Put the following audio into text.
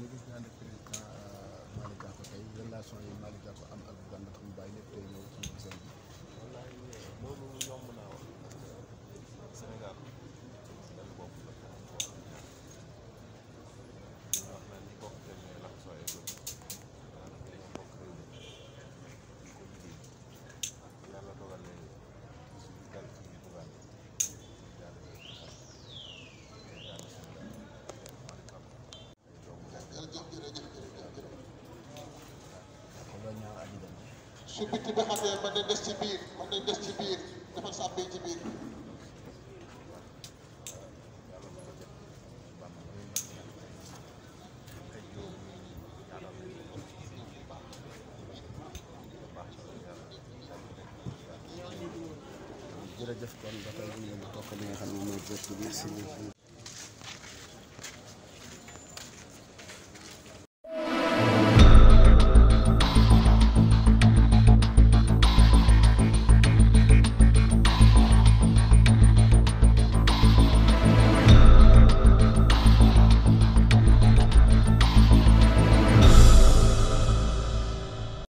ñu gis nga ànd ak président Malick Gakou tey relation yi Malick Gakou am ak Bougane ba tax mu bàyyi lépp tey ñëw ci seen bi su bitti bi xatee mën nañ des ci biir mën nañ des ci biir defal sa abbe ci biir jërëjëf kon ba tey bu ñu leen toog li nga xam ne mooy jot ci biir si